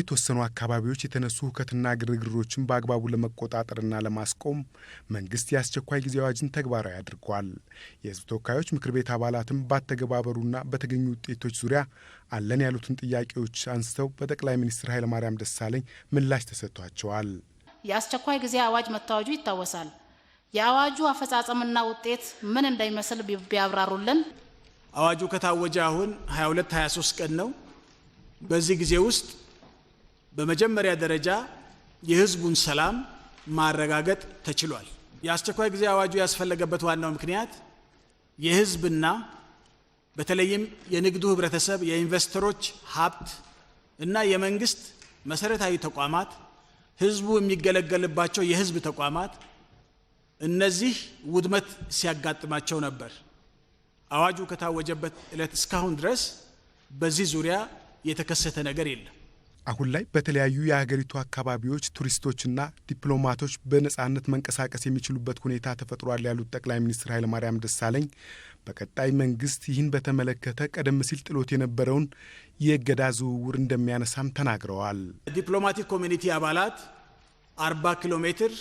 የተወሰኑ አካባቢዎች የተነሱ ሁከትና ግርግሮችን በአግባቡ ለመቆጣጠርና ለማስቆም መንግስት የአስቸኳይ ጊዜ አዋጅን ተግባራዊ አድርጓል። የህዝብ ተወካዮች ምክር ቤት አባላትም ባተገባበሩና በተገኙ ውጤቶች ዙሪያ አለን ያሉትን ጥያቄዎች አንስተው በጠቅላይ ሚኒስትር ኃይለማርያም ደሳለኝ ምላሽ ተሰጥቷቸዋል። የአስቸኳይ ጊዜ አዋጅ መታወጁ ይታወሳል። የአዋጁ አፈጻጸምና ውጤት ምን እንደሚመስል ቢያብራሩልን። አዋጁ ከታወጀ አሁን 22 23 ቀን ነው። በዚህ ጊዜ ውስጥ በመጀመሪያ ደረጃ የህዝቡን ሰላም ማረጋገጥ ተችሏል። የአስቸኳይ ጊዜ አዋጁ ያስፈለገበት ዋናው ምክንያት የህዝብና በተለይም የንግዱ ህብረተሰብ፣ የኢንቨስተሮች ሀብት እና የመንግስት መሰረታዊ ተቋማት፣ ህዝቡ የሚገለገልባቸው የህዝብ ተቋማት እነዚህ ውድመት ሲያጋጥማቸው ነበር። አዋጁ ከታወጀበት ዕለት እስካሁን ድረስ በዚህ ዙሪያ የተከሰተ ነገር የለም። አሁን ላይ በተለያዩ የሀገሪቱ አካባቢዎች ቱሪስቶችና ዲፕሎማቶች በነጻነት መንቀሳቀስ የሚችሉበት ሁኔታ ተፈጥሯል ያሉት ጠቅላይ ሚኒስትር ኃይለማርያም ደሳለኝ በቀጣይ መንግስት ይህን በተመለከተ ቀደም ሲል ጥሎት የነበረውን የእገዳ ዝውውር እንደሚያነሳም ተናግረዋል። ዲፕሎማቲክ ኮሚኒቲ አባላት አርባ ኪሎ ሜትር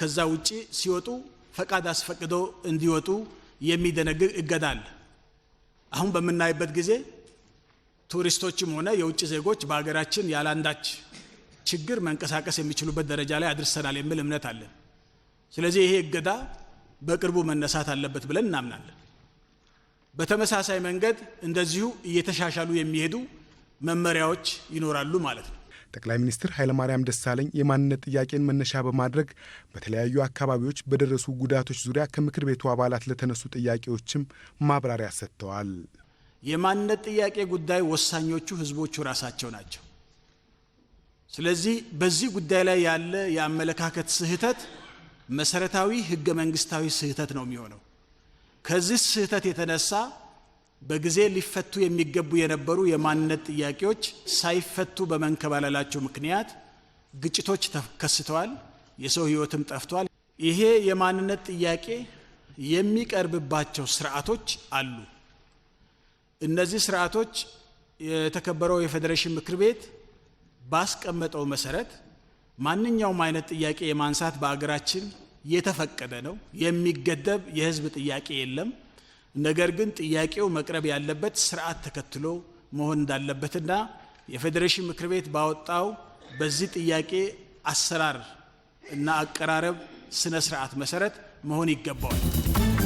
ከዛ ውጪ ሲወጡ ፈቃድ አስፈቅዶ እንዲወጡ የሚደነግግ እገዳ አለ። አሁን በምናይበት ጊዜ ቱሪስቶችም ሆነ የውጭ ዜጎች በሀገራችን ያላንዳች ችግር መንቀሳቀስ የሚችሉበት ደረጃ ላይ አድርሰናል የሚል እምነት አለን። ስለዚህ ይሄ እገዳ በቅርቡ መነሳት አለበት ብለን እናምናለን። በተመሳሳይ መንገድ እንደዚሁ እየተሻሻሉ የሚሄዱ መመሪያዎች ይኖራሉ ማለት ነው። ጠቅላይ ሚኒስትር ኃይለማርያም ደሳለኝ የማንነት ጥያቄን መነሻ በማድረግ በተለያዩ አካባቢዎች በደረሱ ጉዳቶች ዙሪያ ከምክር ቤቱ አባላት ለተነሱ ጥያቄዎችም ማብራሪያ ሰጥተዋል። የማንነት ጥያቄ ጉዳይ ወሳኞቹ ህዝቦቹ ራሳቸው ናቸው። ስለዚህ በዚህ ጉዳይ ላይ ያለ የአመለካከት ስህተት መሰረታዊ ህገ መንግስታዊ ስህተት ነው የሚሆነው። ከዚህ ስህተት የተነሳ በጊዜ ሊፈቱ የሚገቡ የነበሩ የማንነት ጥያቄዎች ሳይፈቱ በመንከባለላቸው ምክንያት ግጭቶች ተከስተዋል፣ የሰው ህይወትም ጠፍቷል። ይሄ የማንነት ጥያቄ የሚቀርብባቸው ስርዓቶች አሉ። እነዚህ ስርዓቶች የተከበረው የፌዴሬሽን ምክር ቤት ባስቀመጠው መሰረት ማንኛውም አይነት ጥያቄ የማንሳት በአገራችን የተፈቀደ ነው። የሚገደብ የህዝብ ጥያቄ የለም። ነገር ግን ጥያቄው መቅረብ ያለበት ስርዓት ተከትሎ መሆን እንዳለበትና የፌዴሬሽን ምክር ቤት ባወጣው በዚህ ጥያቄ አሰራር እና አቀራረብ ስነ ስርዓት መሰረት መሆን ይገባዋል።